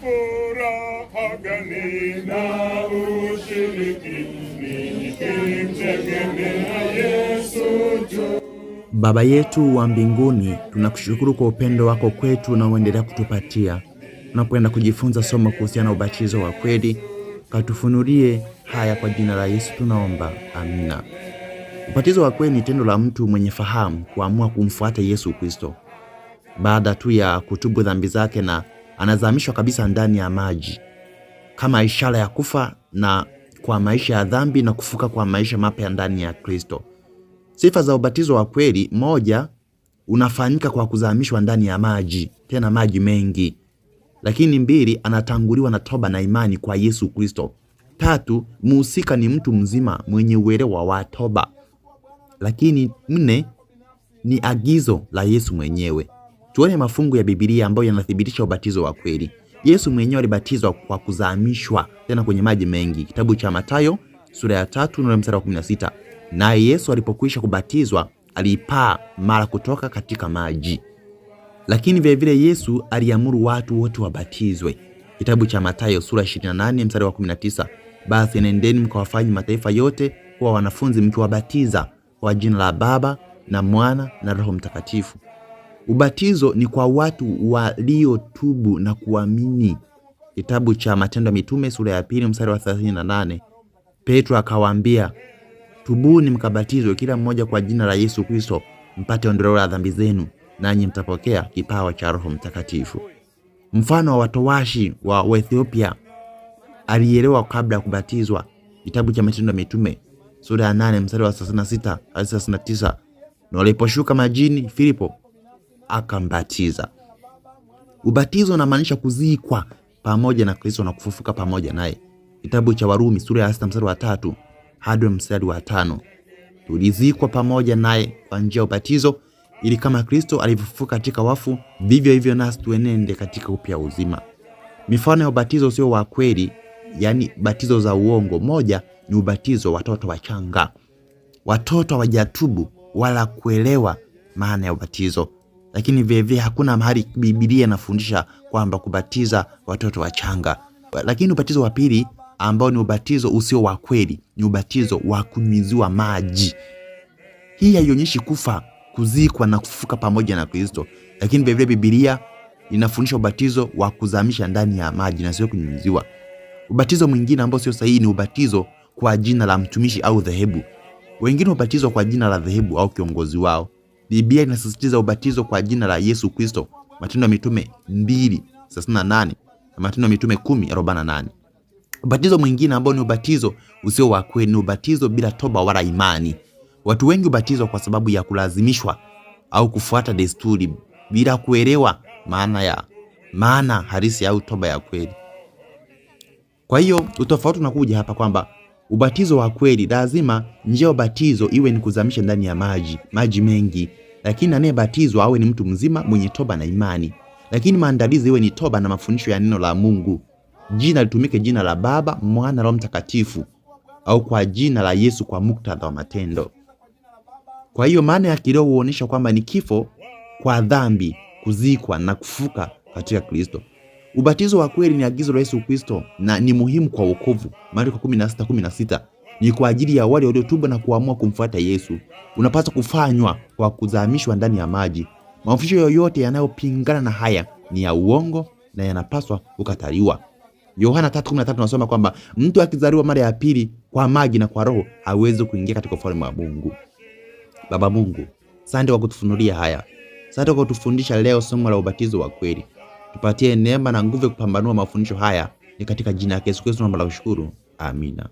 furaha gani na ushiriki nikimtegemea Yesu Baba yetu wa mbinguni, tunakushukuru kwa upendo wako kwetu unaoendelea kutupatia. Tunapoenda kujifunza somo kuhusiana na ubatizo wa kweli, katufunulie haya kwa jina la Yesu tunaomba, amina. Ubatizo wa kweli ni tendo la mtu mwenye fahamu kuamua kumfuata Yesu Kristo baada tu ya kutubu dhambi zake na anazamishwa kabisa ndani ya maji kama ishara ya kufa na kwa maisha ya dhambi na kufuka kwa maisha mapya ndani ya Kristo. Sifa za ubatizo wa kweli: moja, unafanyika kwa kuzamishwa ndani ya maji, tena maji mengi. Lakini mbili, anatanguliwa na toba na imani kwa Yesu Kristo. Tatu, muhusika ni mtu mzima mwenye uelewa wa toba. Lakini nne, ni agizo la Yesu mwenyewe. Tuone mafungu ya Biblia ambayo yanathibitisha ubatizo wa kweli. Yesu mwenyewe alibatizwa kwa kuzaamishwa tena kwenye maji mengi, kitabu cha Mathayo sura ya tatu na mstari wa 16. Naye Yesu alipokwisha kubatizwa alipaa mara kutoka katika maji. Lakini vilevile Yesu aliamuru watu wote wabatizwe, kitabu cha Mathayo sura 28 mstari wa 19, basi nendeni mkawafanye mataifa yote kuwa wanafunzi, mkiwabatiza kwa jina la Baba na Mwana na Roho Mtakatifu. Ubatizo ni kwa watu waliotubu na kuamini. Kitabu cha Matendo ya Mitume sura ya pili mstari wa 38. Petro akawaambia, tubuni mkabatizwe kila mmoja kwa jina la Yesu Kristo mpate ondoleo la dhambi zenu, nanyi mtapokea kipawa cha Roho Mtakatifu. Mfano wa watowashi wa Ethiopia alielewa kabla ya kubatizwa. Kitabu cha Matendo ya Mitume sura ya 8 mstari wa 36 hadi 39. Na waliposhuka majini, Filipo akambatiza. Ubatizo unamaanisha kuzikwa pamoja na Kristo na kufufuka pamoja naye. Kitabu cha Warumi sura ya sita mstari wa tatu hadi mstari wa tano. Tulizikwa pamoja naye kwa njia ya ubatizo, ili kama Kristo alivyofufuka katika wafu, vivyo hivyo nasi tuenende katika upya uzima. Mifano ya ubatizo sio wa kweli, yani batizo za uongo. Moja ni ubatizo watoto wachanga, watoto hawajatubu wala kuelewa maana ya ubatizo lakini vilevile hakuna mahali Biblia inafundisha kwamba kubatiza watoto wachanga. Lakini ubatizo wa pili ambao ni ubatizo usio wa kweli ni ubatizo wa kunyunyiziwa maji. Hii haionyeshi kufa, kuzikwa na kufufuka pamoja na Kristo, lakini vilevile Biblia inafundisha ubatizo wa kuzamisha ndani ya maji na sio kunyunyiziwa. Ubatizo mwingine ambao sio sahihi ni ubatizo kwa jina la mtumishi au dhehebu. Wengine hubatizwa kwa jina la dhehebu au kiongozi wao Biblia inasisitiza ubatizo kwa jina la Yesu Kristo, Matendo ya Mitume 2:38 na Matendo ya Mitume 10:48. Ubatizo mwingine ambao ni ubatizo usio wa kweli ni ubatizo bila toba wala imani. Watu wengi ubatizwa kwa sababu ya kulazimishwa au kufuata desturi bila kuelewa maana ya maana halisi au toba ya kweli. Kwa hiyo utofauti unakuja hapa kwamba Ubatizo wa kweli lazima njia ya ubatizo iwe ni kuzamisha ndani ya maji, maji mengi, lakini anayebatizwa awe ni mtu mzima mwenye toba na imani. Lakini maandalizi iwe ni toba na mafundisho ya neno la Mungu. Jina litumike jina la Baba, Mwana, Roho Mtakatifu au kwa jina la Yesu kwa muktadha wa matendo. Kwa hiyo maana ya kileo huonesha kwamba ni kifo kwa dhambi, kuzikwa na kufuka katika Kristo. Ubatizo wa kweli ni agizo la Yesu Kristo na ni muhimu kwa wokovu. Marko 16:16 ni kwa ajili ya wale waliotuba na kuamua kumfuata Yesu. Unapaswa kufanywa kwa kuzamishwa ndani ya maji. Mafundisho yoyote yanayopingana na haya ni ya uongo na yanapaswa kukataliwa. Yohana 3:13 nasoma kwamba mtu akizaliwa mara ya pili kwa maji na kwa roho hawezi kuingia katika ufalme wa Mungu. Baba Mungu, asante kwa kutufunulia haya. Asante kwa kutufundisha leo somo la ubatizo wa kweli tupatie neema na nguvu ya kupambanua mafundisho haya, ni katika jina la Yesu Kristo tunaomba na kushukuru, amina.